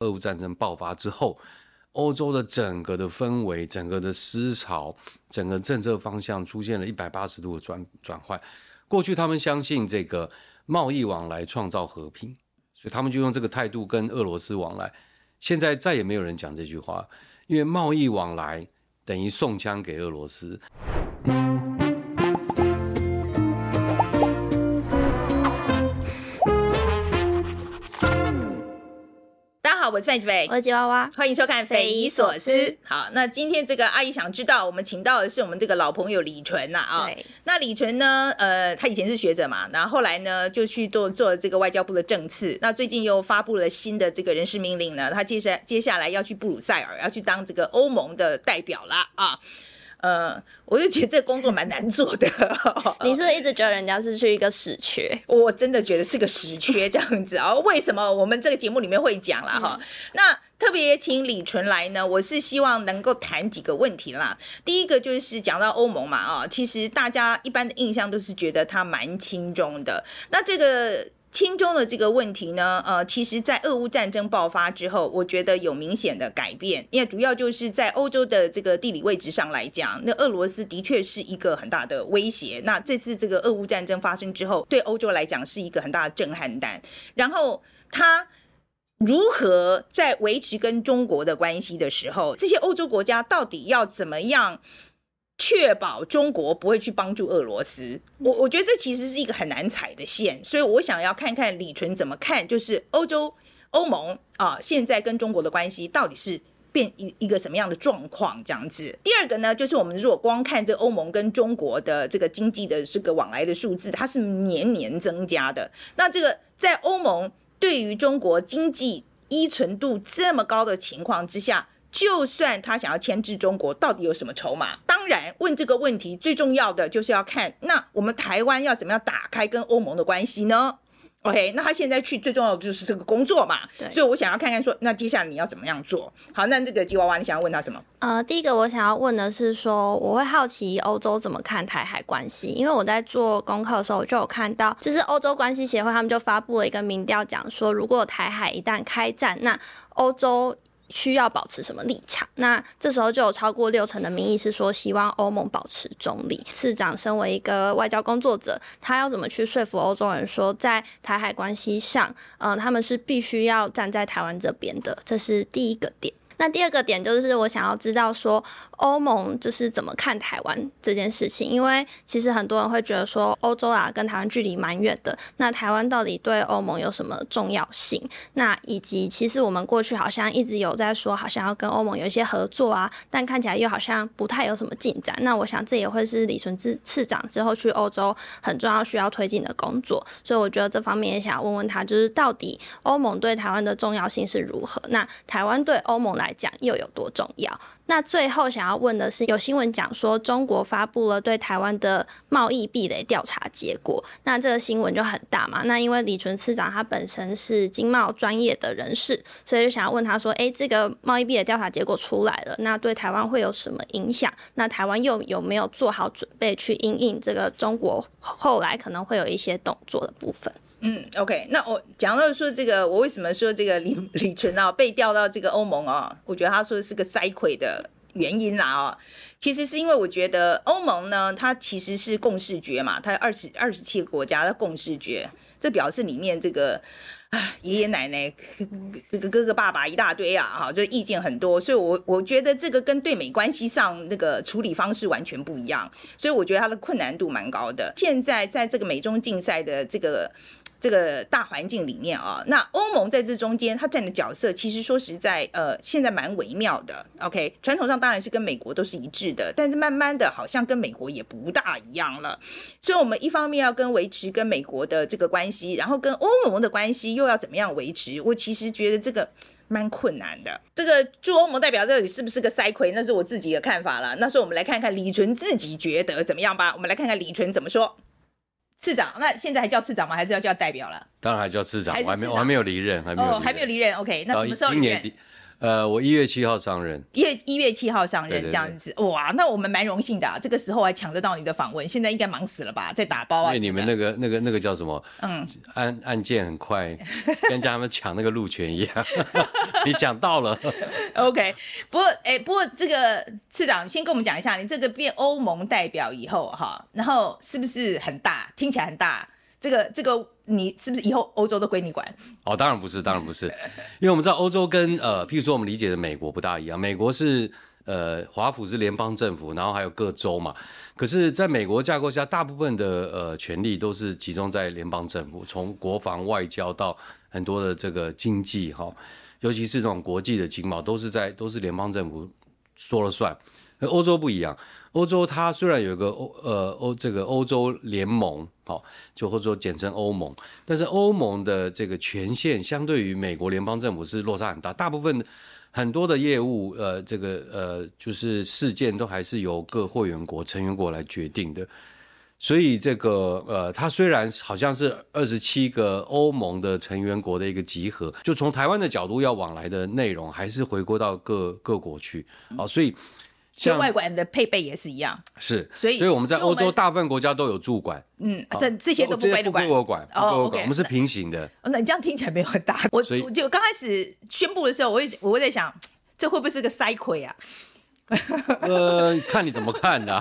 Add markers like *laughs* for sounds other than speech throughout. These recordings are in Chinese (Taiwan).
俄烏戰爭爆發之後，歐洲的整個的氛圍、整個的思潮、整個政策方向出現了一百八十度的轉轉換。過去他們相信這個貿易往來創造和平，所以他們就用這個態度跟俄羅斯往來。現在再也沒有人講這句話，因為貿易往來等於送槍給俄羅斯。嗯我是范琪斐，我是吉娃娃，歡迎收看《斐姨所思》。思好，那今天這個阿姨想知道，我們請到的是我們這個老朋友李淳吶啊,啊。對那李淳呢？呃，他以前是學者嘛，然後後來呢，就去做做這個外交部的政次。那最近又發布了新的這個人事命令呢，他接下接下來要去布魯塞爾，要去當這個歐盟的代表了啊。嗯，我就覺得這個工作蠻難做的。 *laughs* 你是不是一直覺得人家是去一個屎缺？我真的覺得是個屎缺這樣子啊、哦？為什麼我們這個節目裡面會講啦？哈、嗯？那特別請李淳來呢，我是希望能夠談幾個問題啦。第一個就是講到歐盟嘛啊，其實大家一般的印象都是覺得它蠻親中的，那這個。親中的這個問題呢？呃，其實，在俄烏戰爭爆發之後，我覺得有明顯的改變，因為主要就是在歐洲的這個地理位置上來講，那俄羅斯的確是一個很大的威脅。那這次這個俄烏戰爭發生之後，對歐洲來講是一個很大的震撼彈。然後，他如何在維持跟中國的關係的時候，這些歐洲國家到底要怎麼樣？確保中國不會去幫助俄羅斯，我我覺得這其實是一個很難踩的線，所以我想要看看李淳怎麼看，就是歐洲歐盟啊，現在跟中國的關係到底是變一一個什麼樣的狀況這樣子？第二個呢，就是我們如果光看這歐盟跟中國的這個經濟的這個往來的數字，它是年年增加的，那這個在歐盟對於中國經濟依存度這麼高的情況之下。就算他想要牽制中國，到底有什麼籌碼？當然，問這個問題最重要的就是要看，那我們台灣要怎麼樣打開跟歐盟的關係呢？OK，那他現在去最重要的就是這個工作嘛。對所以我想要看看說，那接下來你要怎麼樣做。好，那這個吉哇哇，你想要問他什麼？呃，第一個我想要問的是說，我會好奇歐洲怎麼看台海關係，因為我在做功課的時候我就有看到，就是歐洲關係協會他們就發布了一個民調，講說如果台海一旦開戰，那歐洲。需要保持什麼立場？那這時候就有超過六成的民意是說，希望歐盟保持中立。次長身為一個外交工作者，他要怎麼去說服歐洲人說，在台海關係上，嗯、呃，他們是必須要站在台灣這邊的？這是第一個點。那第二個點就是我想要知道說歐盟就是怎麼看台灣這件事情，因為其實很多人會覺得說歐洲啊跟台灣距離蠻遠的，那台灣到底對歐盟有什麼重要性？那以及其實我們過去好像一直有在說，好像要跟歐盟有一些合作啊，但看起來又好像不太有什麼進展。那我想這也會是李淳次次、次長之後去歐洲很重要需要推進的工作，所以我覺得這方面也想要問問他，就是到底歐盟對台灣的重要性是如何？那台灣對歐盟來來講又有多重要？那最後想要問的是，有新聞講說中國發布了對台灣的貿易壁壘調查結果，那這個新聞就很大嘛，那因為李淳次長他本身是經貿專業的人士，所以就想要問他說，誒，這個貿易壁壘調查結果出來了，那對台灣會有什麼影響？那台灣又有沒有做好準備去因應這個中國後來可能會有一些動作的部分？嗯，OK，那我講到說這個，我為什麼說這個李李淳啊、哦、被調到這個歐盟哦？我覺得他說的是個屎缺的原因啦哦。其實是因為我覺得歐盟呢，它其實是共識決嘛，它二十二十七個國家，的共識決，這表示裡面這個爺爺奶奶、這個哥哥爸爸一大堆啊，哈，就意見很多，所以我，我我覺得這個跟對美關係上那個處理方式完全不一樣，所以我覺得它的困難度蠻高的。現在在這個美中競賽的這個。這個大環境裡面啊、哦，那歐盟在這中間它站的角色，其實說實在，呃，現在蠻微妙的。OK，傳統上當然是跟美國都是一致的，但是慢慢的，好像跟美國也不大一樣了。所以，我們一方面要跟維持跟美國的這個關係，然後跟歐盟的關係又要怎麼樣維持？我其實覺得這個蠻困難的。這個駐歐盟代表這裡是不是個屎缺？那是我自己的看法了。那所以我們來看看李淳自己覺得怎麼樣吧。我們來看看李淳怎麼說。次長，那現在還叫次長嗎？還是要叫代表了？當然還叫次長，還次長我還沒我還沒有離任，哦，還沒有，哦，還沒有離任。OK，那什麼時候離任？呃，我一月七號上任，一月一月七號上任這樣子，對對對，哇，那我們蠻榮幸的啊，這個時候還搶得到你的訪問，現在應該忙死了吧，在打包啊。因為你們那個那個那個叫什麼？嗯，案案件很快，跟他們搶那個路權一樣。 *laughs* *laughs* 你講到了，OK。不過，哎、欸，不過這個次長，先跟我們講一下，你這個變歐盟代表以後，哈，然後是不是很大？聽起來很大，這個這個。你是不是以後歐洲都歸你管？哦，當然不是，當然不是，因為我們知道歐洲跟呃，譬如說我們理解的美國不大一樣。美國是呃，華府是聯邦政府，然後還有各州嘛。可是，在美國架構下，大部分的呃權力都是集中在聯邦政府，從國防、外交到很多的這個經濟哈，尤其是這種國際的經貿，都是在都是聯邦政府說了算。歐洲不一樣。歐洲它雖然有一個歐呃歐這個歐洲聯盟，好、哦、就或者說簡稱歐盟，但是歐盟的這個權限相對於美國聯邦政府是落差很大，大部分很多的業務呃這個呃就是事件都還是由各會員國成員國來決定的，所以這個呃它雖然好像是二十七個歐盟的成員國的一個集合，就從台灣的角度要往來的內容還是回歸到各各國去啊、哦，所以。外館的配備也是一樣，是，所以所以我們在歐洲大部分國家都有駐館，嗯，這這些都不歸我不歸我管，我們是平行的。那你這樣聽起來沒有很大。我我就剛開始宣布的時候，我會我會在想，這會不會是個屎缺啊？呃，看你怎麼看的，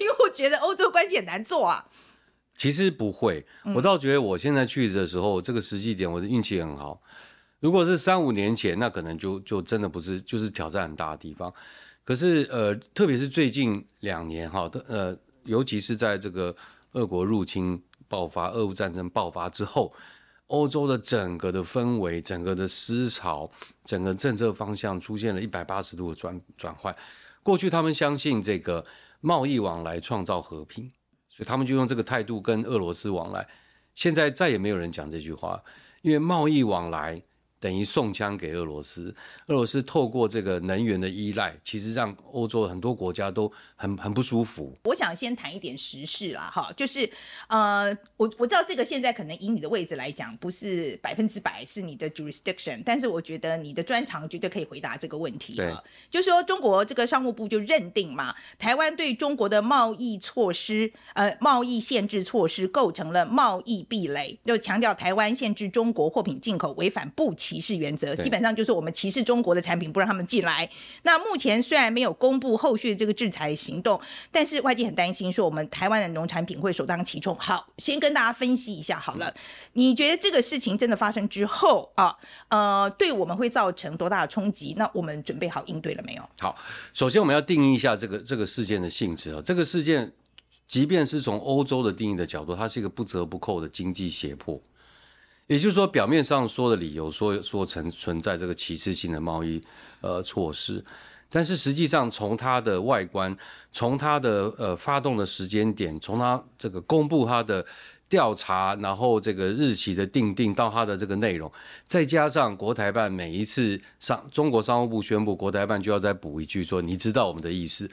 因為我覺得歐洲關係很難做啊。其實不會，我倒覺得我現在去的時候，這個時機點我的運氣很好。如果是三五年前，那可能就就真的不是，就是挑戰很大的地方。可是呃，特別是最近兩年哈，呃，尤其是在這個俄國入侵爆發、俄烏戰爭爆發之後，歐洲的整個的氛圍、整個的思潮、整個政策方向出現了一百八十度的轉轉換。過去他們相信這個貿易往來創造和平，所以他們就用這個態度跟俄羅斯往來。現在再也沒有人講這句話，因為貿易往來。等於送槍給俄羅斯，俄羅斯透過這個能源的依賴，其實讓歐洲很多國家都很很不舒服。我想先談一點時事啦，哈，就是呃，我我知道這個現在可能以你的位置來講，不是百分之百是你的 jurisdiction，但是我覺得你的專長絕對可以回答這個問題。對，就是說中國這個商務部就認定嘛，台灣對中國的貿易措施，呃，貿易限制措施構成了貿易壁壘，就強調台灣限制中國貨品進口違反不歧。歧視原則基本上就是我們歧視中國的產品，不讓他們進來。那目前雖然沒有公布後續這個制裁行動，但是外界很擔心說我們台灣的農產品會首當其衝。好，先跟大家分析一下好了。嗯，你覺得這個事情真的發生之後啊，呃，對我們會造成多大的衝擊？那我們準備好應對了沒有？好，首先我們要定義一下這個這個事件的性質啊。這個事件即便是從歐洲的定義的角度，它是一個不折不扣的經濟脅迫。也就是說，表面上說的理由說說存存在這個歧視性的貿易呃措施，但是實際上從它的外觀，從它的呃發動的時間點，從它這個公布它的調查，然後這個日期的定定到它的這個內容，再加上國台辦每一次上中國商務部宣布，國台辦就要再補一句說，你知道我們的意思。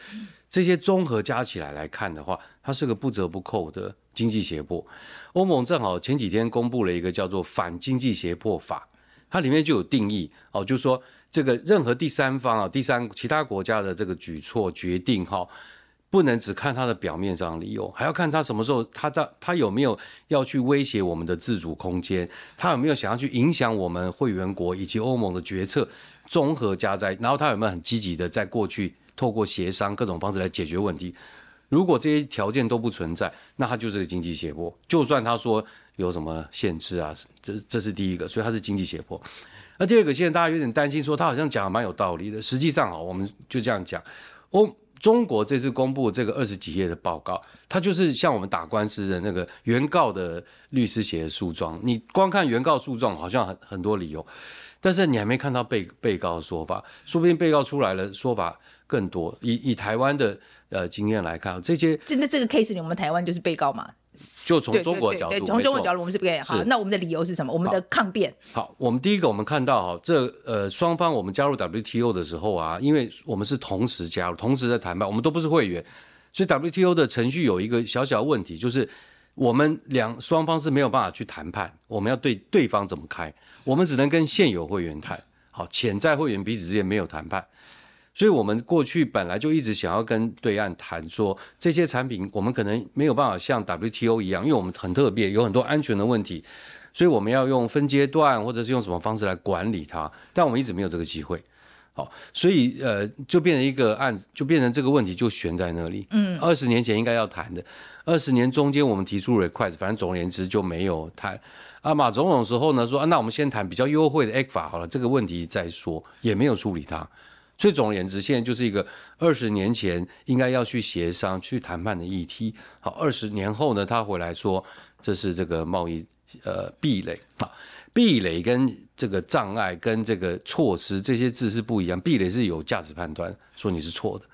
這些綜合加起來來看的話，它是個不折不扣的經濟脅迫。歐盟正好前幾天公布了一個叫做《反經濟脅迫法》，它裡面就有定義哦，就是說這個任何第三方啊、哦、第三其他國家的這個舉措決定哈、哦，不能只看它的表面上的理由，還要看它什麼時候它在它有沒有要去威脅我們的自主空間，它有沒有想要去影響我們會員國以及歐盟的決策，綜合加在，然後它有沒有很積極的在過去。透過協商各種方式來解決問題。如果這些條件都不存在，那他就是個經濟脅迫。就算他說有什麼限制啊，這這是第一個，所以他是經濟脅迫。那第二個，現在大家有點擔心，說他好像講的蠻有道理的。實際上啊，我們就這樣講，哦。中國這次公布這個二十幾頁的報告，它就是像我們打官司的那個原告的律師寫的訴狀。你光看原告訴狀，好像很很多理由，但是你還沒看到被被告的說法，說不定被告出來了說法。更多以以台灣的呃經驗來看，這些那這個 case 裡，我們台灣就是被告嘛？就從中國的角度，錯中國角度，從中國角度，我們是被告。是好，那我們的理由是什麼？我們的抗辯。好，我們第一個，我們看到哈，這呃雙方我們加入 WTO 的時候啊，因為我們是同時加入，同時在談判，我們都不是會員，所以 WTO 的程序有一個小小問題，就是我們兩雙方是沒有辦法去談判，我們要對對方怎麼開，我們只能跟現有會員談。好，潛在會員彼此之間沒有談判。所以，我們過去本來就一直想要跟對岸談，說這些產品我們可能沒有辦法像 WTO 一樣，因為我們很特別，有很多安全的問題，所以我們要用分階段或者是用什麼方式來管理它。但我們一直沒有這個機會，好，所以呃，就變成一個案子，就變成這個問題就懸在那裡。嗯，二十年前應該要談的，二十年中間我們提出 request，反正總而言之就沒有談。啊。馬總統的時候呢，說啊，那我們先談比較優惠的 ECFA 好了，這個問題再說，也沒有處理它。最總而言之，現在就是一個二十年前應該要去協商、去談判的議題。好，二十年後呢，他回來說這是這個貿易呃壁壘。好，壁壘跟這個障礙、跟這個措施，這些字是不一樣。壁壘是有價值判斷，說你是錯的。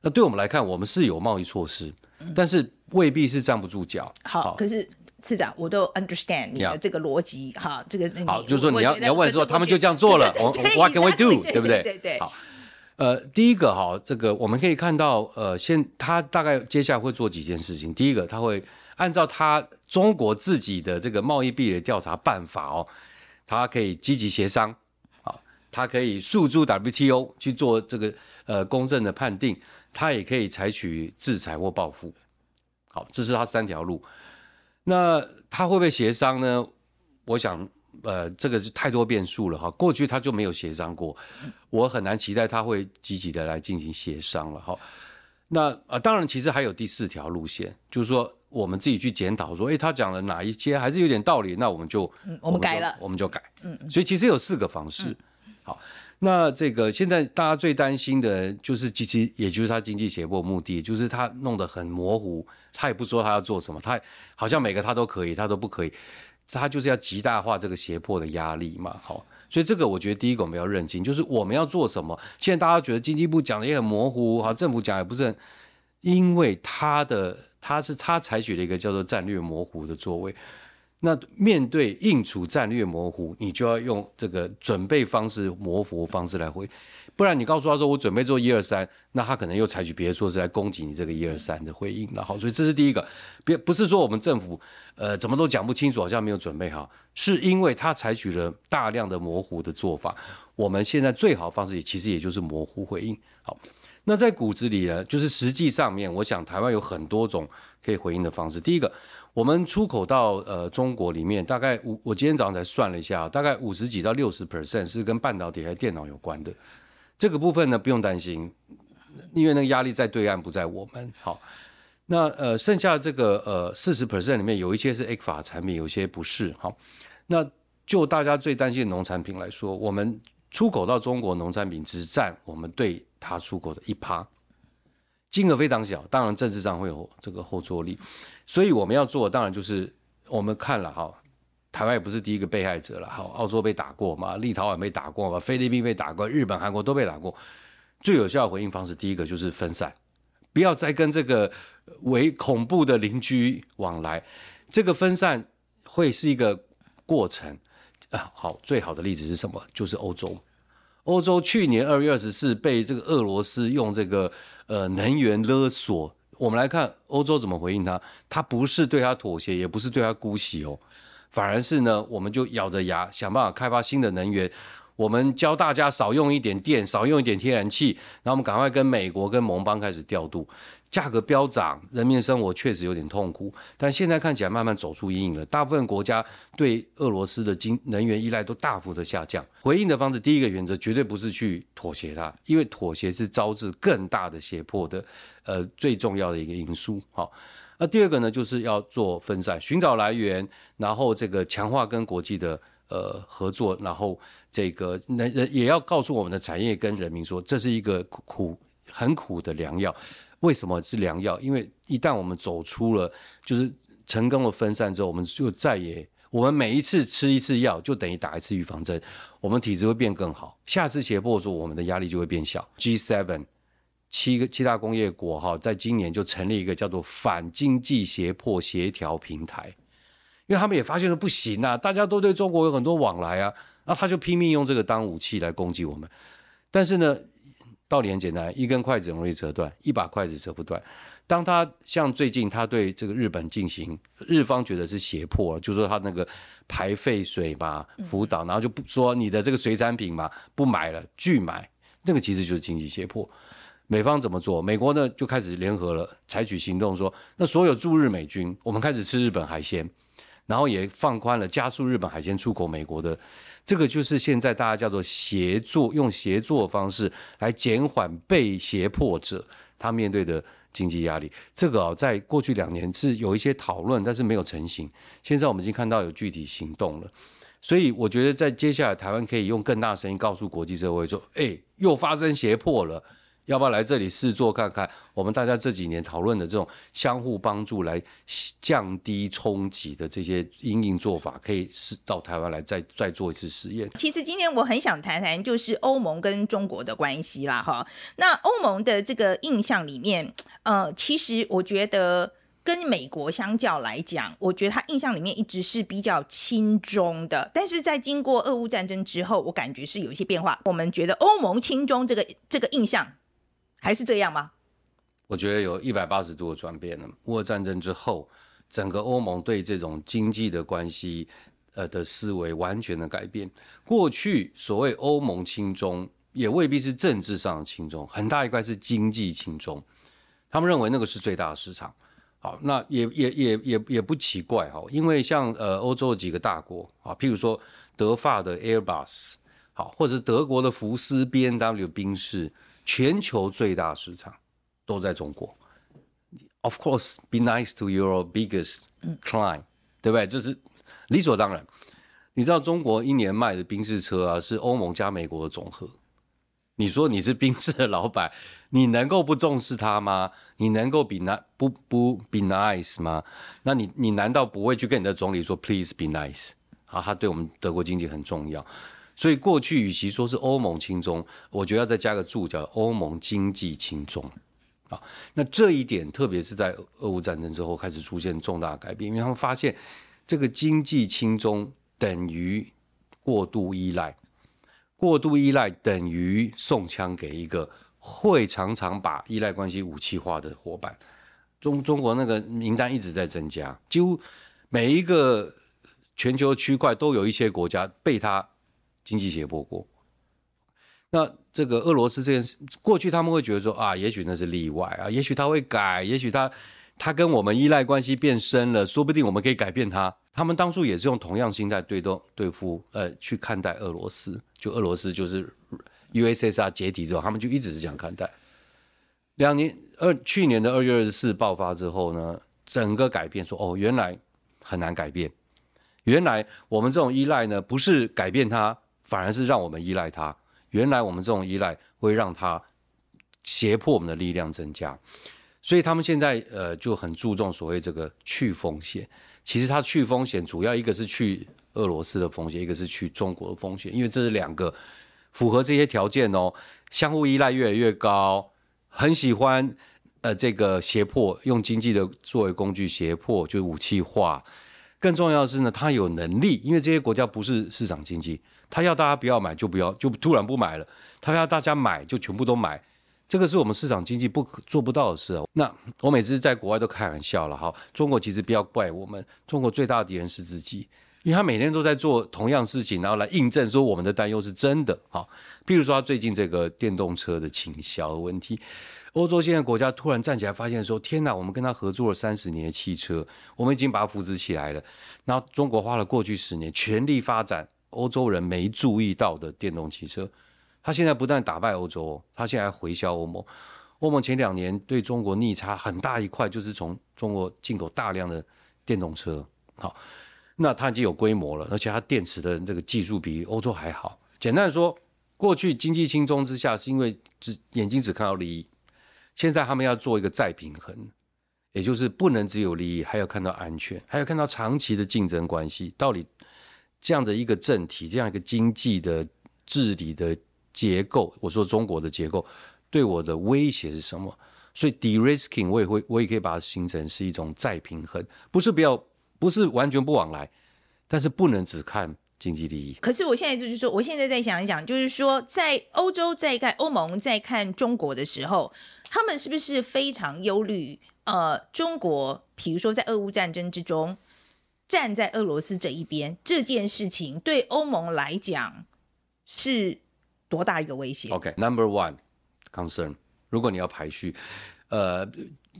那對我們來看，我們是有貿易措施，但是未必是站不住腳。好，好，可是次長，我都 understand 你的這個邏輯。哈要，這個好，就是說你要我你要問說，是他們就這樣做了，我我 what can we do？對不對？對對，對對對對，好。呃，第一個哈，這個我們可以看到，呃，現他大概接下來會做幾件事情。第一個，他會按照他中國自己的這個貿易壁壘調查辦法哦，他可以積極協商，啊、哦，他可以訴諸 WTO 去做這個呃公正的判定，他也可以採取制裁或報復。好、哦，這是他三條路。那他會不會協商呢？我想。呃，這個是太多變數了哈，過去他就沒有協商過，我很難期待他會積極的來進行協商了哈。那啊、呃，當然，其實還有第四條路線，就是說我們自己去檢討，說，哎、欸，他講了哪一些還是有點道理，那我們就，嗯、我們改了，我們，我們就改，嗯。所以其實有四個方式，嗯、好，那這個現在大家最擔心的就是，其實也就是他經濟脅迫目的，就是他弄得很模糊，他也不說他要做什麼，他好像每個他都可以，他都不可以。他就是要極大化這個脅迫的壓力嘛，好，所以這個我覺得第一個我們要認清，就是我們要做什麼。現在大家覺得經濟部講的也很模糊，好，政府講也不是很，因為他的他是他採取了一個叫做戰略模糊的作為。那面對應處戰略模糊，你就要用這個準備方式模糊方式來回，不然你告訴他說，我準備做一二三，那他可能又採取別的措施來攻擊你這個一二三的回應。然後，所以這是第一個，別不是說我們政府呃怎麼都講不清楚，好像沒有準備好，是因為他採取了大量的模糊的做法。我們現在最好的方式也其實也就是模糊回應。好，那在骨子裡呢，就是實際上面，我想台灣有很多種可以回應的方式。第一個，我們出口到呃中國裡面，大概五，我今天早上才算了一下，大概五十幾到六十 percent 是跟半導體還是電腦有關的。這個部分呢，不用擔心，因為那個壓力在對岸不在我們。好，那呃剩下的這個呃四十 percent 裡面有一些是 ECFA 產品，有一些不是。好，那就大家最擔心的農產品來說，我們出口到中國農產品只占我們對它出口的一趴，金額非常小，當然政治上會有這個後坐力。所以我們要做的當然就是我們看了哈、哦。台灣也不是第一個被害者了，好，澳洲被打過嘛，立陶宛被打過嘛，菲律賓被打過，日本、韓國都被打過。最有效的回應方式，第一個就是分散，不要再跟這個為恐怖的鄰居往來。這個分散會是一個過程啊。好，最好的例子是什麼？就是歐洲。歐洲去年二月二十四被這個俄羅斯用這個呃能源勒索，我們來看歐洲怎麼回應他。他不是對他妥協，也不是對他姑息哦。反而是呢，我們就咬着牙想辦法開發新的能源。我們教大家少用一點電，少用一點天然氣。然後我們趕快跟美國、跟盟邦開始調度，價格飆漲，人民生活確實有點痛苦。但現在看起來慢慢走出陰影了。大部分國家對俄羅斯的經能源依賴都大幅的下降。回應的方式，第一個原則絕對不是去妥協它，因為妥協是招致更大的脅迫的。呃，最重要的一個因素，好。那第二個呢，就是要做分散，尋找來源，然後這個強化跟國際的呃合作，然後這個能也要告訴我們的產業跟人民說，這是一個苦苦很苦的良藥。為什麼是良藥？因為一旦我們走出了就是成功的分散之後，我們就再也我們每一次吃一次藥，就等於打一次預防針，我們體質會變更好。下次脅迫的時候，我們的壓力就會變小。G7。七個七大工業國哈，在今年就成立一個叫做反經濟脅迫協調平台，因為他們也發現了不行啊，大家都對中國有很多往來啊，那他就拼命用這個當武器來攻擊我們。但是呢，道理很簡單，一根筷子容易折斷，一把筷子折不斷。當他像最近他對這個日本進行，日方覺得是脅迫，就說他那個排廢水吧，福島，然後就不說你的這個水產品嘛，不買了，拒買，這個其實就是經濟脅迫。美方怎麼做？美國呢，就開始聯合了，採取行動說，說那所有駐日美軍，我們開始吃日本海鮮，然後也放寬了，加速日本海鮮出口美國的。這個就是現在大家叫做協作，用協作方式來減緩被脅迫者他面對的經濟壓力。這個啊、哦，在過去兩年是有一些討論，但是沒有成型。現在我們已經看到有具體行動了，所以我覺得在接下來，台灣可以用更大聲音告訴國際社會說：“哎，又發生脅迫了。”要不要來這裡試做看看？我們大家這幾年討論的這種相互幫助來降低衝擊的這些因應做法，可以試到台灣來再再做一次實驗。其實今天我很想談談，就是歐盟跟中國的關係啦，哈。那歐盟的這個印象裡面，呃，其實我覺得跟美國相較來講，我覺得他印象裡面一直是比較親中的，但是在經過俄烏戰爭之後，我感覺是有一些變化。我們覺得歐盟親中這個這個印象。還是這樣嗎？我覺得有一百八十度的轉變了。烏克蘭戰爭之後，整個歐盟對這種經濟的關係，呃的思維完全的改變。過去所謂歐盟親中，也未必是政治上的親中，很大一塊是經濟親中。他們認為那個是最大的市場。好，那也也也也也不奇怪哈、哦，因為像呃歐洲幾個大國啊，譬如說德法的 Airbus，好，或者德國的福斯 B N W 賓士。全球最大市場都在中國，Of course, be nice to your biggest client，、嗯、對不對？這、就是理所當然。你知道中國一年賣的賓士車啊，是歐盟加美國的總和。你說你是賓士的老闆，你能夠不重視他嗎？你能夠比那不不 be nice 嗎？那你你難道不會去跟你的總理說 please be nice？啊，他對我們德國經濟很重要。所以過去與其說是歐盟親中，我覺得要再加個注叫歐盟經濟親中。啊，那這一點特別是在俄烏戰爭之後開始出現重大改變，因為他們發現這個經濟親中等於過度依賴，過度依賴等於送槍給一個會常常把依賴關係武器化的伙伴。中中國那個名單一直在增加，幾乎每一個全球區塊都有一些國家被他。經濟脅迫過，那這個俄羅斯這件事，過去他們會覺得說啊，也許那是例外啊，也許他會改，也許他他跟我們依賴關係變深了，說不定我們可以改變他。他們當初也是用同樣心態對動對付呃去看待俄羅斯，就俄羅斯就是 USSR 解體之後，他們就一直是這樣看待。兩年二去年的二月二十四爆發之後呢，整個改變說哦，原來很難改變，原來我們這種依賴呢不是改變他。反而是讓我們依賴它，原來我們這種依賴會讓他脅迫我們的力量增加，所以他們現在呃就很注重所謂這個去風險。其實他去風險主要一個是去俄羅斯的風險，一個是去中國的風險，因為這是兩個符合這些條件哦，相互依賴越來越高，很喜歡呃這個脅迫，用經濟的作為工具脅迫，就是武器化。更重要的是呢，他有能力，因為這些國家不是市場經濟。他要大家不要買就不要，就突然不買了。他要大家買就全部都買，這個是我們市場經濟不可做不到的事啊。那我每次在國外都開玩笑了哈。中國其實不要怪我們，中國最大的敵人是自己，因為他每天都在做同樣事情，然後來印證說我們的擔憂是真的哈。譬如說他最近這個電動車的傾銷的問題，歐洲現在國家突然站起來發現說：“天哪，我們跟他合作了三十年的汽車，我們已經把它扶植起來了。”然後中國花了過去十年全力發展。歐洲人沒注意到的電動汽車，他現在不但打敗歐洲，他現在還回銷歐盟。歐盟前兩年對中國逆差很大一塊，就是從中國進口大量的電動車。好，那它已經有規模了，而且它電池的這個技術比歐洲還好。簡單說，過去經濟親中之下，是因為只眼睛只看到利益。現在他們要做一個再平衡，也就是不能只有利益，還要看到安全，還要看到長期的競爭關係，到底。這樣的一個政體，這樣一個經濟的治理的結構，我說中國的結構對我的威脅是什麼？所以，de-risking 我也會，我也可以把它形成是一種再平衡，不是不要，不是完全不往來，但是不能只看經濟利益。可是我現在就是說，我現在在想一想，就是說，在歐洲在看歐盟在看中國的時候，他們是不是非常憂慮？呃，中國，譬如說在俄烏戰爭之中，站在俄羅斯這一邊，這件事情對歐盟來講是多大一個威脅？OK，Number one，concern。Okay, number one, concern, 如果你要排序，呃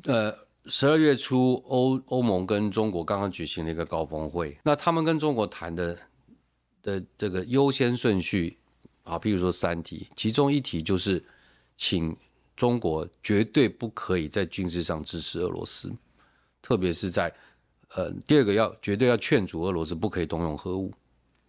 呃，十二月初歐，歐歐盟跟中國剛剛舉行了一個高峰會，那他們跟中國談的的這個優先順序，啊，譬如說三題，其中一題就是，請中國絕對不可以在軍事上支持俄羅斯，特別是在。呃、嗯，第二個要絕對要勸阻俄羅斯不可以動用核武。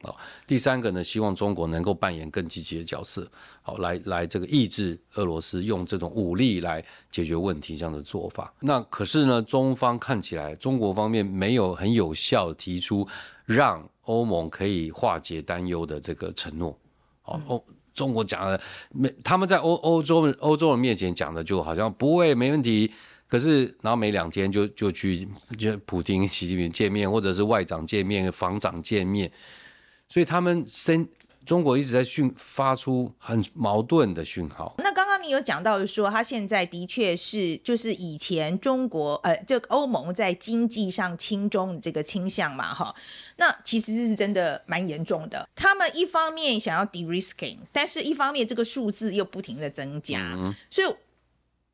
哦，第三個呢，希望中國能夠扮演更積極的角色，好、哦、來來這個抑制俄羅斯用這種武力來解決問題這樣的做法。那可是呢，中方看起來中國方面沒有很有效提出讓歐盟可以化解擔憂的這個承諾，哦，中國講的，沒他們在歐歐洲歐洲人面前講的就好像不會沒問題。可是，然後每兩天就就去就普丁，習近平見面，或者是外長見面，房長見面，所以他們身中國一直在訊發出很矛盾的訊號。那剛剛你有講到的說，他現在的確是就是以前中國呃，這個歐盟在經濟上傾中的這個傾向嘛，哈。那其實是真的蠻嚴重的。他們一方面想要 de-risking，但是一方面這個數字又不停的增加，嗯、所以。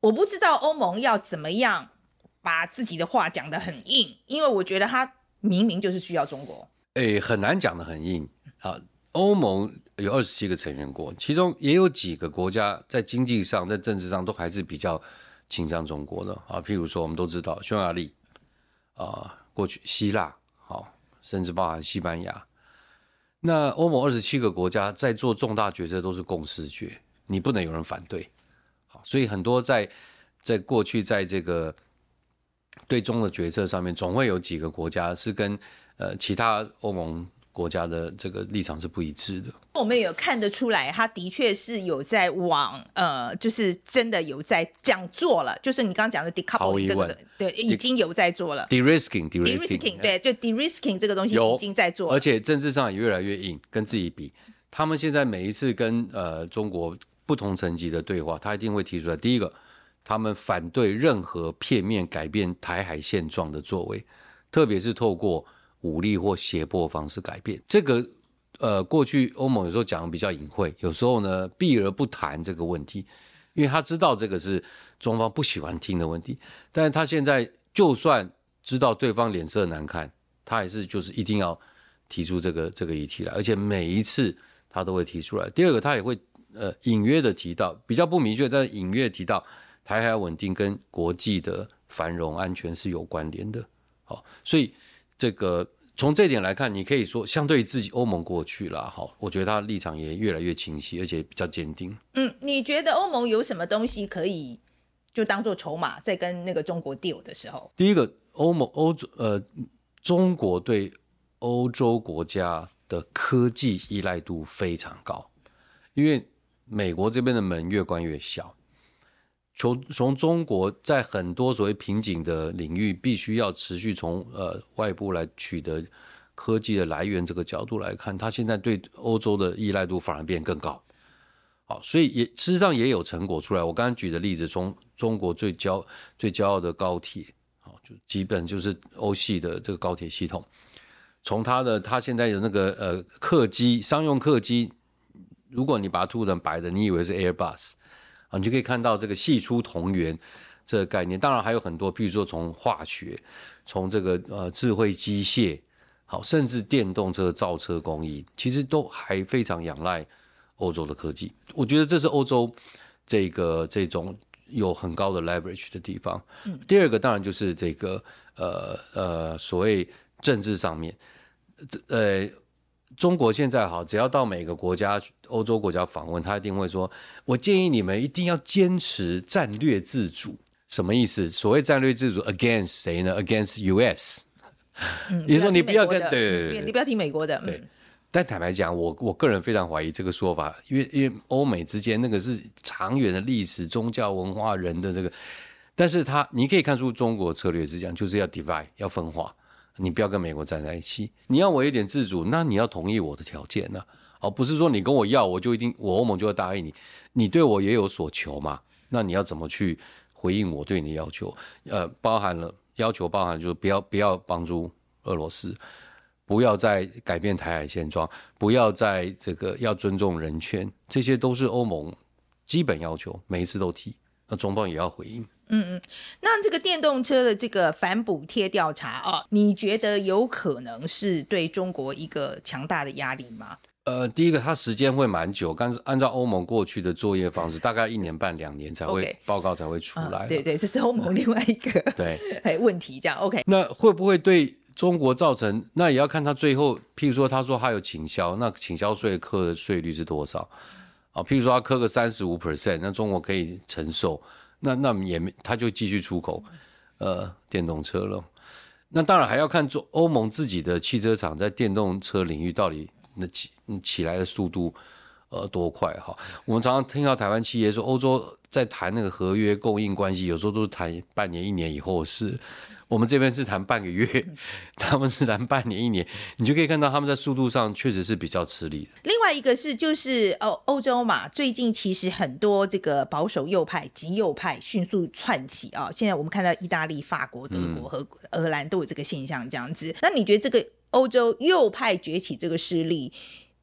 我不知道歐盟要怎麼樣把自己的話講得很硬，因為我覺得他明明就是需要中國。哎、欸，很難講得很硬啊！歐盟有二十七個成員國，其中也有幾個國家在經濟上、在政治上都還是比較傾向中國的啊。譬如說，我們都知道匈牙利啊，過去希臘好、啊，甚至包含西班牙。那歐盟二十七個國家在做重大決策都是共識決，你不能有人反對。所以很多在在過去，在這個對中的決策上面，總會有幾個國家是跟呃其他歐盟國家的這個立場是不一致的。我們也有看得出來，他的確是有在往呃，就是真的有在這樣做了，就是你剛剛講的 decouple，毫無疑問的，對，已經有在做了。de-risking，de-risking，de de 對，就 de-risking 這個東西已經在做，而且政治上也越來越硬，跟自己比，他們現在每一次跟呃中國。不同層級的對話，他一定會提出來。第一個，他們反對任何片面改變台海現狀的作為，特別是透過武力或脅迫方式改變。這個，呃，過去歐盟有時候講的比較隱晦，有時候呢避而不談這個問題，因為他知道這個是中方不喜歡聽的問題。但是他現在就算知道對方臉色難看，他還是就是一定要提出這個這個議題來，而且每一次他都會提出來。第二個，他也會。呃，隱約的提到，比較不明確，但是隱約提到台海穩定跟國際的繁榮安全是有關聯的。好，所以這個從這點來看，你可以說相對於自己歐盟過去了，好，我覺得他立場也越來越清晰，而且比較堅定。嗯，你覺得歐盟有什麼東西可以就當做籌碼，在跟那個中國丟的時候？第一個，歐盟歐呃，中國對歐洲國家的科技依賴度非常高，因為。美國這邊的門越關越小，從從中國在很多所謂瓶頸的領域，必須要持續從呃外部來取得科技的來源，這個角度來看，它現在對歐洲的依賴度反而變更高。好，所以也事實上也有成果出來。我剛剛舉的例子，從中國最驕最驕傲的高鐵，好，就基本就是歐系的這個高鐵系統。從它的它現在有那個呃客機商用客機。如果你把它塗成白的，你以為是 Airbus，啊，你就可以看到這個“系出同源”這個概念。當然還有很多，譬如說從化學、從這個呃智慧機械，好，甚至電動車造車工藝，其實都還非常仰賴歐洲的科技。我覺得這是歐洲這個這種有很高的 leverage 的地方。嗯，第二個當然就是這個呃呃所謂政治上面，這呃。中國現在好，只要到每個國家、歐洲國家訪問，他一定會說：“我建議你們一定要堅持戰略自主。”什麼意思？所謂戰略自主，against 誰呢？against U.S.，也、嗯、說你不要跟不要對你要，你不要聽美國的。嗯、對，但坦白講，我我個人非常懷疑這個說法，因為因為歐美之間那個是長遠的歷史、宗教、文化、人的這個，但是他你可以看出中國策略是這樣，就是要 divide，要分化。你不要跟美國站在一起。你要我有點自主，那你要同意我的條件呢、啊，而、哦、不是說你跟我要，我就一定我歐盟就會答應你。你對我也有所求嘛？那你要怎麼去回應我對你的要求？呃，包含了要求，包含就是不要不要幫助俄羅斯，不要再改變台海現狀，不要再這個要尊重人權，這些都是歐盟基本要求，每一次都提。那中方也要回應。嗯嗯，那這個電動車的這個反補貼調查啊、哦，你覺得有可能是對中國一個強大的壓力嗎？呃，第一個，它時間會蠻久，但是按照歐盟過去的作業方式，嗯、大概一年半兩年才會報告才會出來。嗯嗯、對，對對，這是歐盟另外一個對、嗯、還有問題。這樣，對這樣，OK，那會不會對中國造成？那也要看他最後，譬如說他說他有傾銷，那傾銷稅課的稅率是多少？啊、哦，譬如說他課個三十五 percent，那中國可以承受。那那也沒，他就繼續出口，呃，電動車了。那當然還要看中歐盟自己的汽車廠在電動車領域到底那起起來的速度，呃，多快哈。我們常常聽到台灣企業說，歐洲在談那個合約供應關係，有時候都是談半年、一年以後是。我們這邊是談半個月，他們是談半年一年，你就可以看到他們在速度上確實是比較吃力。另外一個是就是歐，歐洲嘛，最近其實很多這個保守右派、極右派迅速竄起啊、哦，現在我們看到意大利、法國、德國和荷蘭都有這個現象這樣子。嗯、那你覺得這個歐洲右派崛起這個勢力？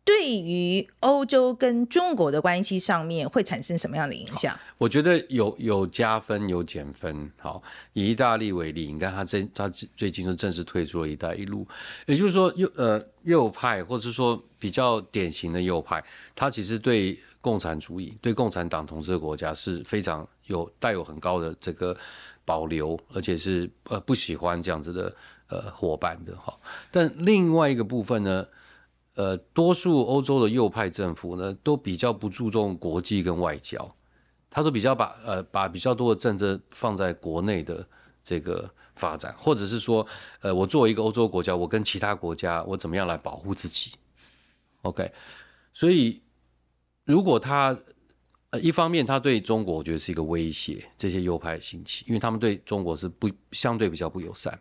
對於歐洲跟中國的關係上面會產生什麼樣的影響？我覺得有有加分有減分。好，以意大利為例，你看他最他最近就正式退出了一帶一路，也就是說右呃右派或者是說比較典型的右派，他其實對共產主義對共產黨統治的國家是非常有帶有很高的這個保留，而且是呃不喜歡這樣子的呃夥伴的哈。但另外一個部分呢？呃，多數歐洲的右派政府呢，都比較不注重國際跟外交，他都比較把呃把比較多的政策放在國內的這個發展，或者是說，呃，我作為一個歐洲國家，我跟其他國家我怎麼樣來保護自己？OK，所以如果他呃一方面他對中國我覺得是一個威脅，這些右派興起，因為他們對中國是不，相對比較不友善。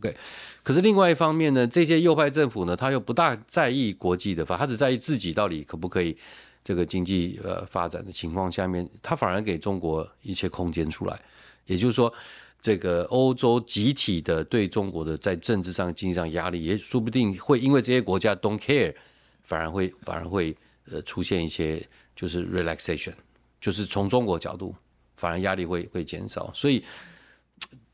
對，okay. 可是另外一方面呢，這些右派政府呢，他又不大在意國際的法，他只在意自己到底可不可以這個經濟呃發展的情況下面，他反而給中國一些空間出來。也就是說，這個歐洲集體的對中國的在政治上、經濟上壓力，也說不定會因為這些國家 don't care，反而會反而會呃出現一些就是 relaxation，就是從中國角度反而壓力會會減少，所以。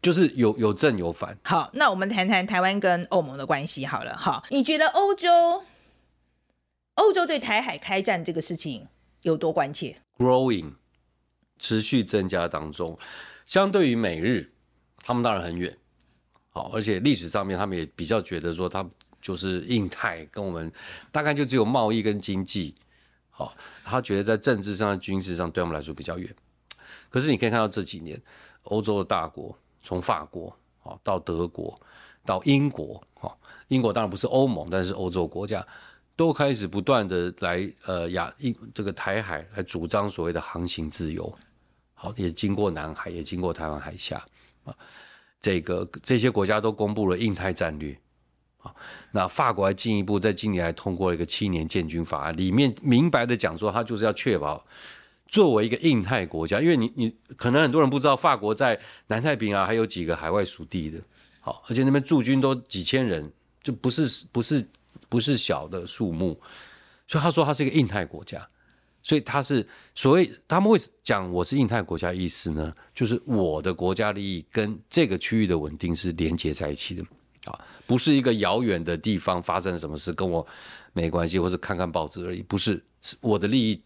就是有有正有反。好，那我們談談台灣跟歐盟的關係好了。好，你覺得歐洲歐洲對台海開戰這個事情有多關切？Growing，持續增加當中，相對於美日，他們當然很遠。好，而且歷史上面他們也比較覺得說，他就是印太跟我們大概就只有貿易跟經濟。好，他覺得在政治上、軍事上，對我們來說比較遠。可是你可以看到這幾年。歐洲的大國，從法國到德國，到英國，英國當然不是歐盟，但是歐洲國家都開始不斷的來呃亞印這個台海來主張所謂的航行自由，好，也經過南海，也經過台灣海峽啊，這個這些國家都公布了印太戰略。那法國還進一步在今年還通過了一個七年建軍法案，裡面明白的講說，它就是要確保。作為一個印太國家，因為你你可能很多人不知道，法國在南太平洋啊，還有幾個海外屬地的，好，而且那邊駐軍都幾千人，就不是不是不是小的數目，所以他說他是一個印太國家，所以他是所謂他們會講我是印太國家意思呢，就是我的國家利益跟這個區域的穩定是連接在一起的，啊，不是一個遙遠的地方發生什麼事跟我沒關係，或是看看報紙而已，不是，是我的利益。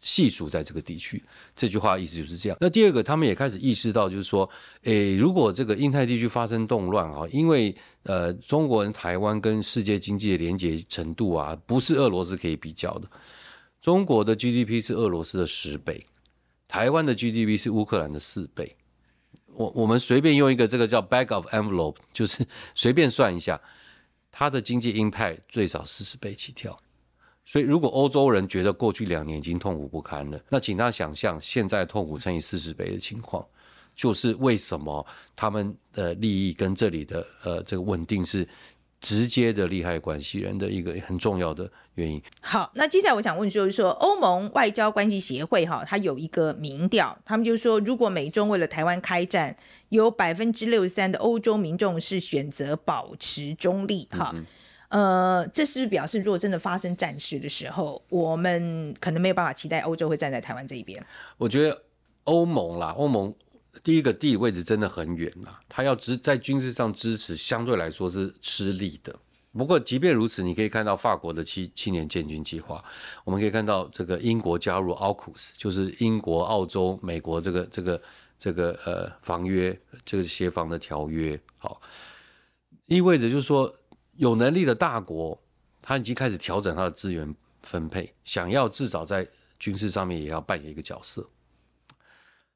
細數在這個地區，這句話意思就是這樣。那第二個，他們也開始意識到，就是說，誒，如果這個印太地區發生動亂哈，因為呃，中國和台灣跟世界經濟的連結程度啊，不是俄羅斯可以比較的。中國的 GDP 是俄羅斯的十倍，台灣的 GDP 是烏克蘭的四倍。我我們隨便用一個這個叫 back of envelope，就是隨便算一下，它的經濟 impact 最少四十倍起跳。所以，如果歐洲人覺得過去兩年已經痛苦不堪了，那請他想象現在痛苦乘以四十倍的情況，就是為什麼他們的利益跟這裡的呃這個穩定是直接的利害關係人的一個很重要的原因。好，那接下來我想問就是說，歐盟外交關係協會哈，它有一個民調，他們就是說，如果美中為了台灣開戰，有百分之六十三的歐洲民眾是選擇保持中立哈。嗯嗯呃，這是不是表示，如果真的發生戰事的時候，我們可能沒有辦法期待歐洲會站在台灣這一邊？我覺得歐盟啦，歐盟第一個地理位置真的很遠啦，他要支在軍事上支持，相對來說是吃力的。不過，即便如此，你可以看到法國的七七年建軍計劃，我們可以看到這個英國加入 AUKUS，就是英國、澳洲、美國這個這個這個呃防約這個協防的條約，好，意味着就是說，有能力的大國，他已經開始調整他的資源分配，想要至少在軍事上面也要扮演一個角色。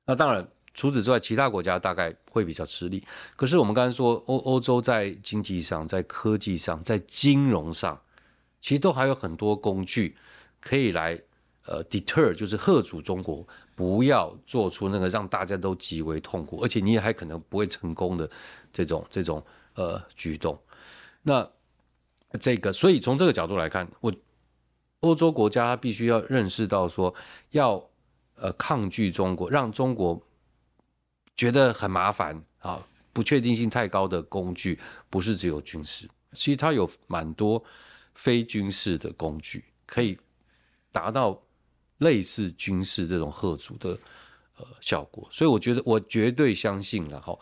那當然，除此之外，其他國家大概會比較吃力。可是我們剛才說，歐歐洲在經濟上、在科技上、在金融上，其實都還有很多工具可以來呃 deter，就是嚇阻中國不要做出那個讓大家都極為痛苦，而且你也還可能不會成功的這種這種呃舉動。那這個，所以從這個角度來看，我歐洲國家必須要認識到說，說要呃抗拒中國，讓中國覺得很麻煩啊、哦，不確定性太高的工具不是只有軍事，其實它有蠻多非軍事的工具可以達到類似軍事這種嚇阻的呃效果。所以我覺得，我絕對相信了哈，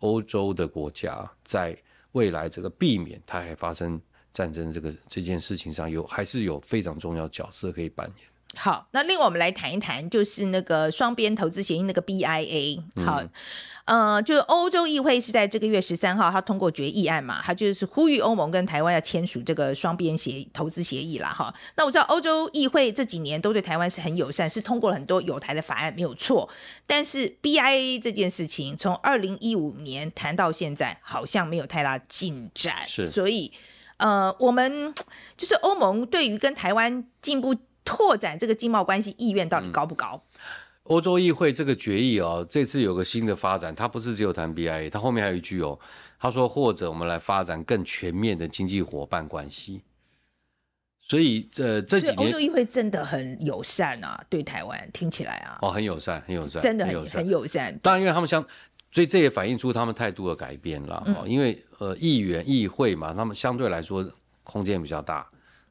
歐、哦、洲的國家在。未來這個避免台海發生戰爭這個這件事情上，有還是有非常重要角色可以扮演。好，那另外我們來談一談，就是那個雙邊投資協議那個 BIA。好，嗯、呃，就是歐洲議會是在這個月十三號，他通過決議案嘛，他就是呼籲歐盟跟台灣要簽署這個雙邊協投資協議啦。哈，那我知道歐洲議會這幾年都對台灣是很友善，是通過了很多友台的法案，沒有錯。但是 BIA 這件事情從二零一五年談到現在，好像沒有太大進展。是，所以，呃，我們就是歐盟對於跟台灣進步。拓展這個經貿關係意願到底高不高？嗯、歐洲議會這個決議哦，這次有個新的發展，他不是只有談 BIA，他後面還有一句哦，他說或者我們來發展更全面的經濟夥伴關係。所以，這、呃、這幾年歐洲議會真的很友善啊，對台灣聽起來啊，哦，很友善，很友善，真的很，很友善，友善。當然，因為他們相，所以這也反映出他們態度的改變了。嗯哦、因為呃，議員議會嘛，他們相對來說空間比較大，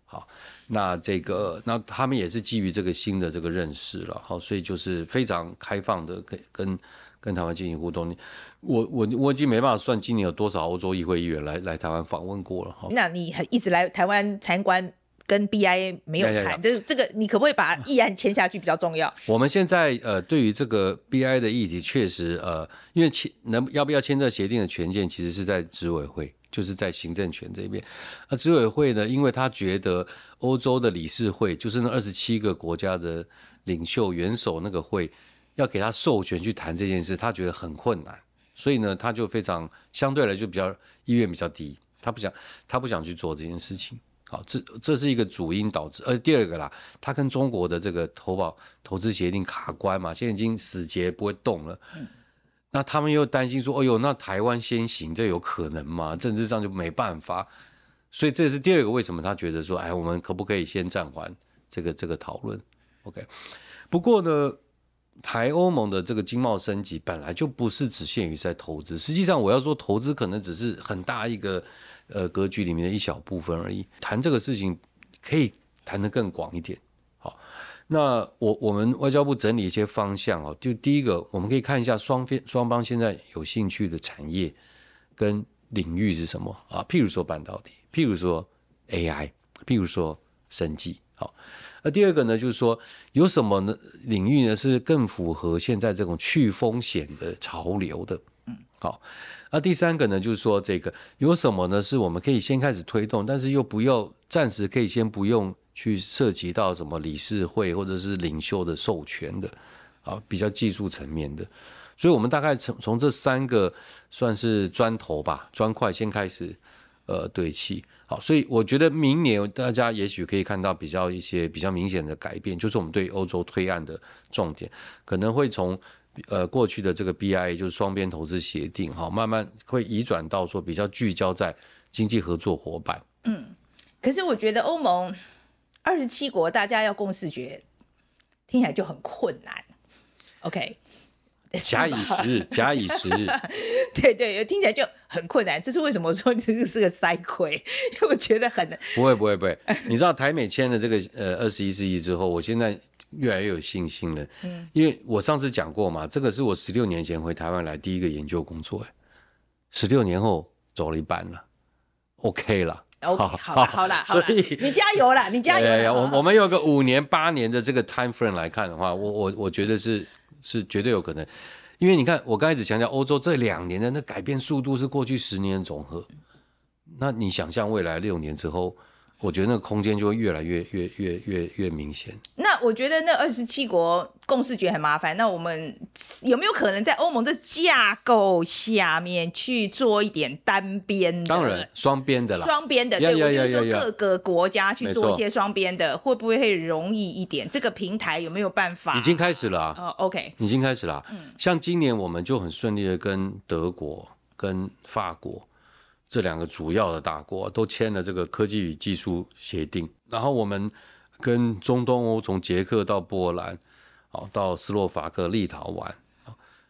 好。那這個，那他們也是基於這個新的這個認識了，好，所以就是非常開放的跟跟跟台灣進行互動。我我我已經沒辦法算今年有多少歐洲議會議員來來台灣訪問過了，哈。那你一直來台灣參觀，跟 BIA 沒有談，いやいや就是這個你可不可以把議案簽下去比較重要？ *laughs* 我們現在呃，對於這個 BIA 的議題，確實呃，因為簽能要不要簽這協定的權限其實是在執委會。就是在行政權這邊，那執委會呢？因為他覺得歐洲的理事會，就是那二十七個國家的領袖、元首那個會，要給他授權去談這件事，他覺得很困難，所以呢，他就非常相對來就比較意願比較低，他不想他不想去做這件事情。好，這這是一個主因導致。而第二個啦，他跟中國的這個投保投資協定卡關嘛，現在已經死結不會動了。那他們又擔心說：“哎呦，那台灣先行，這有可能嗎？政治上就沒辦法。”所以這是第二個，為什麼他覺得說：“哎，我們可不可以先暫緩這個這個討論？”OK。不過呢，台歐盟的這個經貿升級本來就不是只限於在投資，實際上我要說，投資可能只是很大一個呃格局裡面的一小部分而已。談這個事情可以談得更廣一點。那我我們外交部整理一些方向哦，就第一個，我們可以看一下雙邊雙方現在有興趣的產業跟領域是什麼啊，譬如說半導體，譬如說 AI，譬如說生技，好。那第二個呢，就是說有什麼呢領域呢是更符合現在這種去風險的潮流的，嗯，好。那第三個呢，就是說這個有什麼呢是我們可以先開始推動，但是又不要暫時可以先不用，去涉及到什麼理事會或者是領袖的授權的，啊，比較技術層面的，所以我們大概從從這三個算是磚頭吧，磚塊先開始呃堆砌。好，所以我覺得明年大家也許可以看到比較一些比較明顯的改變，就是我們對歐洲推案的重點可能會從呃過去的這個 B I A 就是雙邊投資協定哈，慢慢會移轉到說比較聚焦在經濟合作夥伴。嗯，可是我覺得歐盟。二十七國大家要共識決，聽起來就很困難。OK，假以時日，吧假以時日， *laughs* 對，對對，聽起來就很困難。這是為什麼我說你是個屎缺？因為我覺得很難。不會不會不會， *laughs* 你知道台美簽了這個呃二十一世紀之後，我現在越來越有信心了。嗯，因為我上次講過嘛，這個是我十六年前回台灣來第一個研究工作哎、欸，十六年後走了一半了，OK 了。OK Okay, 好，好了啦，好了啦，所以你加油啦，你加油。我我們有個五年、八年的這個 time frame 來看的話，我我我覺得是是絕對有可能，因為你看，我剛才只強調歐洲這兩年的那改變速度是過去十年的總和，那你想象未來六年之後。我覺得那個空間就會越來越、越、越、越、越明顯。那我覺得那二十七國共識決很麻煩。那我們有沒有可能在歐盟的架構下面去做一點單邊的？當然，雙邊的啦。雙邊的，呀對，呀我就說各個國家去做一些雙邊的，會不會會容易一點？這個平台有沒有辦法？已經開始了啊。哦，OK，已經開始了啊。嗯，像今年我們就很順利的跟德國、跟法國。這兩個主要的大國都簽了這個科技與技術協定，然後我們跟中東歐，從捷克到波蘭，到斯洛伐克、立陶宛，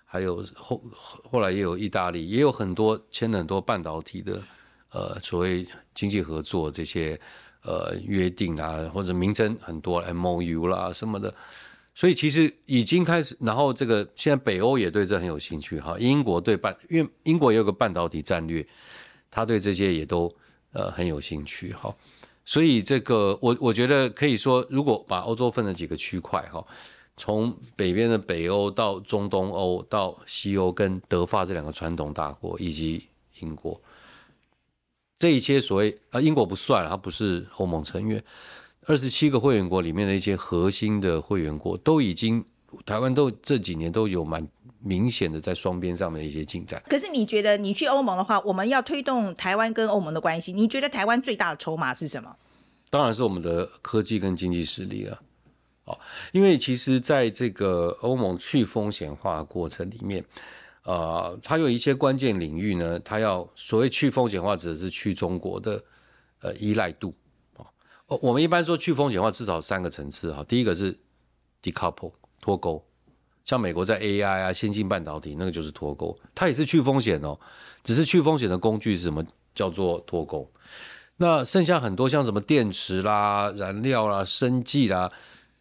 還有後後來也有意大利，也有很多簽了很多半導體的，呃，所謂經濟合作這些，呃，約定啊，或者名稱很多 MOU 啦什麼的，所以其實已經開始，然後這個現在北歐也對這很有興趣哈，英國對半，因為英國也有個半導體戰略。他對這些也都呃很有興趣哈、哦，所以這個我我覺得可以說，如果把歐洲分成幾個區塊哈、哦，從北邊的北歐到中東歐到西歐跟德法這兩個傳統大國以及英國，這一些所謂呃英國不算了，它不是歐盟成員，二十七個會員國裡面的一些核心的會員國都已經。台灣都這幾年都有蠻明顯的在雙邊上面的一些進展。可是你覺得你去歐盟的話，我們要推動台灣跟歐盟的關係，你覺得台灣最大的籌碼是什麼？當然是我們的科技跟經濟實力了。哦，因為其實在這個歐盟去風險化過程裡面，呃，它有一些關鍵領域呢，它要所謂去風險化，指的是去中國的呃依賴度。哦，我們一般說去風險化至少三個層次哈，第一個是 decouple。脫鈎，像美國在 AI 啊、先進半導體那個就是脫鈎，它也是去風險哦，只是去風險的工具是什麼叫做脫鈎？那剩下很多像什麼電池啦、燃料啦、生技啦、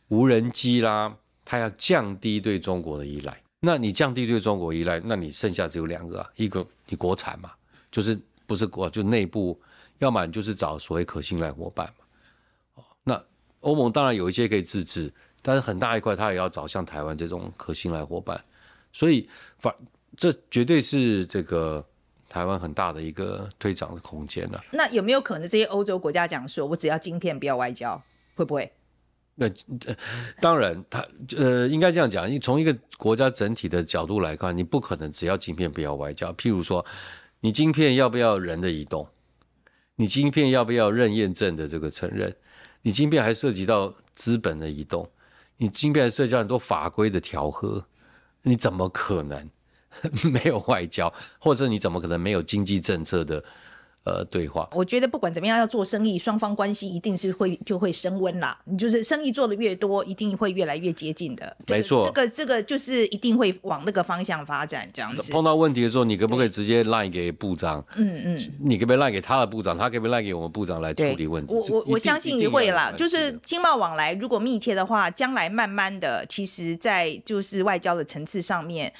無人機啦，它要降低對中國的依賴。那你降低對中國依賴，那你剩下只有兩個啊，一個你國產嘛，就是不是國就內部，要麼你就是找所謂可信賴夥伴嘛。那歐盟當然有一些可以自制。但是很大一塊，他也要找像台灣這種可信賴夥伴，所以反這絕對是這個台灣很大的一個推漲的空間了。那有沒有可能這些歐洲國家講說，我只要晶片不要外交？會不會？那、呃呃、當然，他呃，應該這樣講。你從一個國家整體的角度來看，你不可能只要晶片不要外交。譬如說，你晶片要不要人的移動？你晶片要不要認驗證的這個承認？你晶片還涉及到資本的移動。你經天的社交很多法規的調和，你怎麼可能沒有外交，或者你怎麼可能沒有經濟政策的？呃，對話，我覺得不管怎麼樣要做生意，雙方關係一定是會就會升溫啦。你就是生意做得越多，一定會越來越接近的。這個、沒錯，這個這個就是一定會往那個方向發展這樣子。碰到問題的時候，你可不可以直接賴對給部長？嗯嗯，你可不可以賴給他的部長？他可不可以賴給我們部長來處理問題？我我，我相信你會啦。就是經貿往來如果密切的話，將來慢慢的，其實在就是外交的層次上面。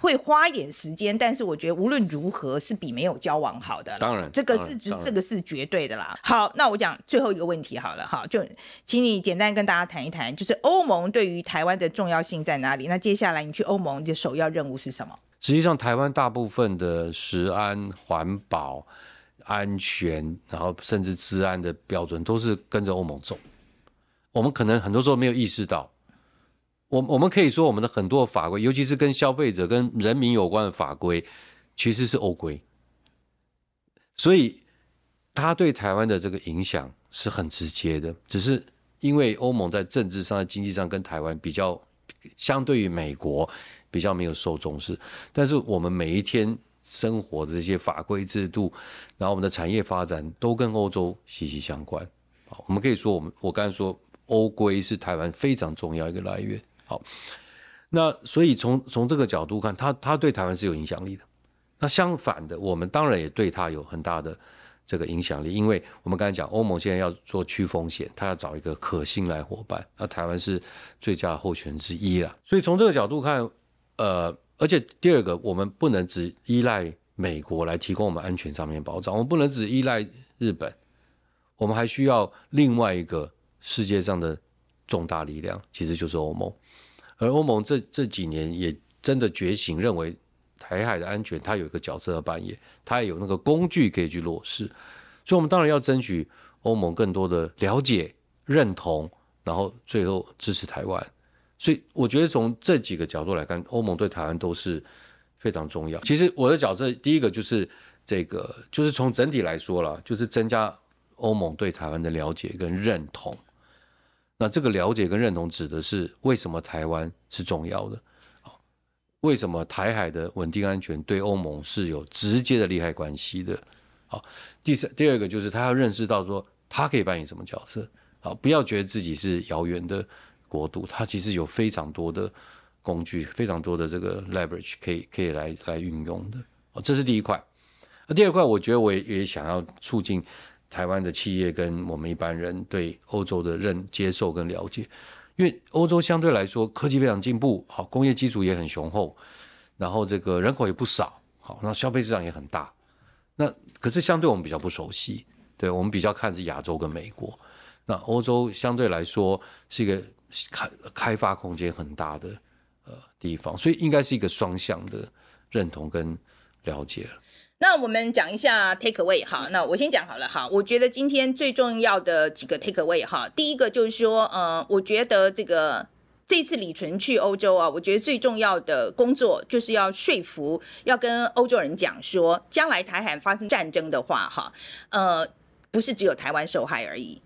會花一點時間，但是我覺得無論如何是比沒有交往好的。當然，當然。當然，這個是這個是絕對的啦。好，那我講最後一個問題好了。好，就請你簡單跟大家談一談，就是歐盟對於台灣的重要性在哪裡？那接下來你去歐盟的首要任務是什麼？實際上，台灣大部分的食安、環保、安全，然後甚至治安的標準，都是跟着歐盟走。我們可能很多時候沒有意識到。我我們可以說，我們的很多法規，尤其是跟消費者、跟人民有關的法規，其實是歐規，所以它對台灣的這個影響是很直接的。只是因為歐盟在政治上、在經濟上跟台灣比較，相對於美國比較沒有受重視，但是我們每一天生活的這些法規制度，然後我們的產業發展都跟歐洲息息相關。好，我們可以說，我們我剛才說歐規是台灣非常重要一個來源。好，那所以從從這個角度看，他他對台灣是有影響力的。那相反的，我們當然也對他有很大的這個影響力，因為我們剛才講，歐盟現在要做去風險，他要找一個可信賴夥伴，那台灣是最佳候選之一啦。所以從這個角度看，呃，而且第二個，我們不能只依賴美國來提供我們安全上面保障，我們不能只依賴日本，我們還需要另外一個世界上的。重大力量其實就是歐盟，而歐盟這這幾年也真的覺醒，認為台海的安全它，有一個角色扮演，它也有那個工具可以去落實，所以我們當然要爭取歐盟更多的了解、認同，然後最後支持台灣。所以我覺得從這幾個角度來看，歐盟對台灣都是非常重要。其實我的角色第一個就是這個，就是從整體來說啦，就是增加歐盟對台灣的了解跟認同。那這個了解跟認同指的是為什麼台灣是重要的？好，為什麼台海的穩定安全對歐盟是有直接的利害關係的？好，第三第二個就是他要認識到說他可以扮演什麼角色？好，不要覺得自己是遙遠的國度，他其實有非常多的工具，非常多的這個 leverage 可以可以來來運用的。好，這是第一塊。那第二塊，我覺得我也也想要促進。台灣的企業跟我們一般人對歐洲的認接受跟了解，因為歐洲相對來說科技非常進步，好，工業基礎也很雄厚，然後這個人口也不少，好，那消費市場也很大。那可是相對我們比較不熟悉，對我們比較看是亞洲跟美國。那歐洲相對來說是一個開開發空間很大的呃地方，所以應該是一個雙向的認同跟了解了。那我們講一下 take away 好，那我先講好了。哈，我覺得今天最重要的幾個 take away 哈，第一個就是說，呃，我覺得這個這次李淳去歐洲啊，我覺得最重要的工作就是要說服，要跟歐洲人講說，將來台海發生戰爭的話，哈，呃，不是只有台灣受害而已。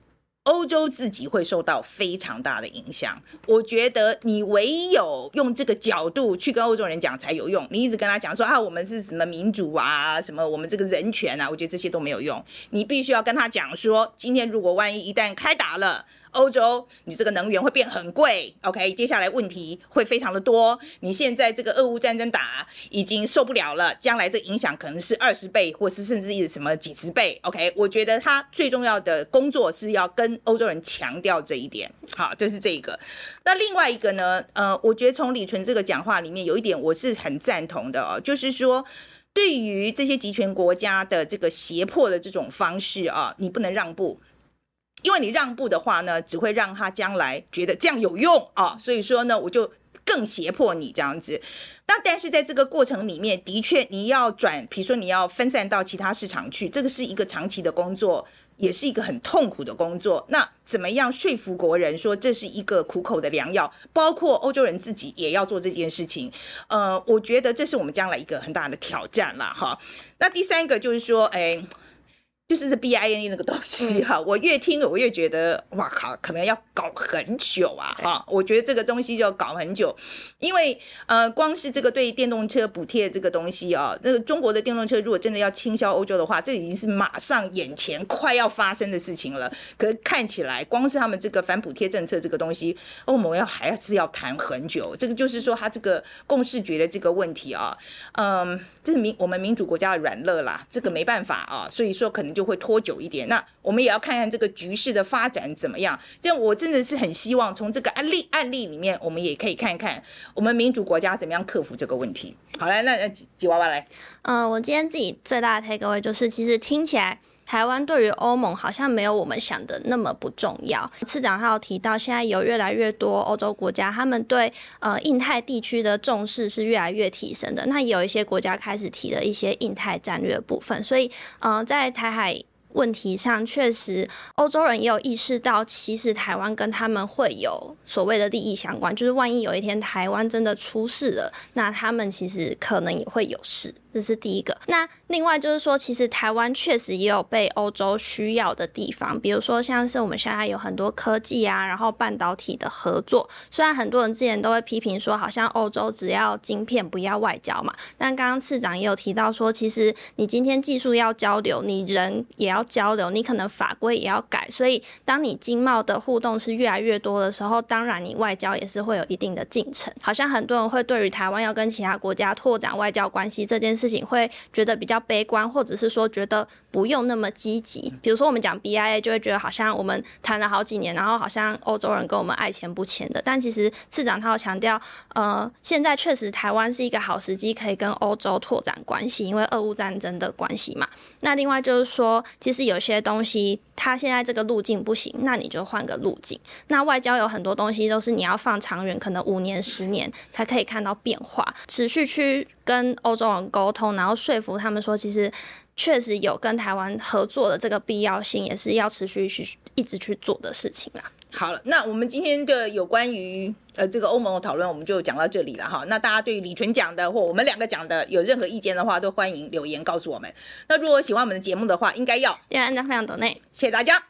歐洲自己會受到非常大的影響，我覺得你唯有用這個角度去跟歐洲人講才有用。你一直跟他講說，啊，我們是什麼民主啊，什麼我們這個人權啊，我覺得這些都沒有用。你必須要跟他講說，今天如果萬一一旦開打了。歐洲，你這個能源會變很貴，OK？接下來問題會非常的多。你現在這個俄烏戰爭打已經受不了了，將來這影響可能是二十倍，或是甚至是什麼幾十倍，OK？我覺得他最重要的工作是要跟歐洲人強調這一點，好，就是這一個。那另外一個呢？呃，我覺得從李淳這個講話裡面有一點我是很贊同的哦，就是說對於這些極權國家的這個脅迫的這種方式啊、哦，你不能讓步。因為你讓步的話呢，只會讓他將來覺得這樣有用啊，所以說呢，我就更脅迫你這樣子。那但是在這個過程裡面，的確你要轉，比如說你要分散到其他市場去，這個是一個長期的工作，也是一個很痛苦的工作。那怎麼樣說服國人說這是一個苦口的良藥？包括歐洲人自己也要做這件事情。呃，我覺得這是我們將來一個很大的挑戰啦。哈。那第三個就是說，哎。就是這 BIA 那個東西哈，我越聽了我越覺得哇靠，可能要搞很久啊！哈，我覺得這個東西就要搞很久，因為呃，光是這個對電動車補貼這個東西哦，那、這個中國的電動車如果真的要傾銷歐洲的話，這已經是馬上眼前快要發生的事情了。可是看起來，光是他們這個反補貼政策這個東西，歐盟要還是要談很久。這個就是說，他這個共識決的這個問題啊，嗯、呃，這是民我們民主國家的軟肋啦，這個沒辦法啊，所以說可能就。就會拖久一點。那我們也要看看這個局勢的發展怎麼樣。這樣，我真的是很希望從這個案例案例裡面，我們也可以看看我們民主國家怎麼樣克服這個問題。好來，那那吉哇哇來。嗯、呃，我今天自己最大的 take away 就是，其實聽起來。台灣對於歐盟好像沒有我們想的那麼不重要。次長還有提到，現在有越來越多歐洲國家，他們對呃印太地區的重視是越來越提升的。那有一些國家開始提了一些印太戰略部分。所以，呃，在台海問題上，確實歐洲人也有意識到，其實台灣跟他們會有所謂的利益相關。就是萬一有一天台灣真的出事了，那他們其實可能也會有事。這是第一個。那另外就是說，其實台灣確實也有被歐洲需要的地方，比如說像是我們現在有很多科技啊，然後半導體的合作。雖然很多人之前都會批評說，好像歐洲只要晶片不要外交嘛，但剛剛次長也有提到說，其實你今天技術要交流，你人也要交流，你可能法規也要改。所以，當你經貿的互動是越來越多的時候，當然你外交也是會有一定的進程。好像很多人會對於台灣要跟其他國家拓展外交關係這件事情，會覺得比較。悲觀，或者是說覺得不用那麼積極。比如說，我們講 BIA 就會覺得好像我們談了好幾年，然後好像歐洲人跟我們愛錢不錢的。但其實次長他有強調，呃，現在確實台灣是一個好時機，可以跟歐洲拓展關係，因為俄烏戰爭的關係嘛。那另外就是說，其實有些東西。他現在這個路徑不行，那你就換個路徑。那外交有很多東西都是你要放長遠，可能五年、十年才可以看到變化。持續去跟歐洲人溝通，然後說服他們說，其實確實有跟台灣合作的這個必要性，也是要持續去一直去做的事情啦。好了，那我們今天的有關於呃這個歐盟的討論，我們就講到這裡了哈。那大家對李淳講的或我們兩個講的有任何意見的話，都歡迎留言告訴我們。那如果喜歡我們的節目的話，應該要點讚、分享、抖內，謝謝大家。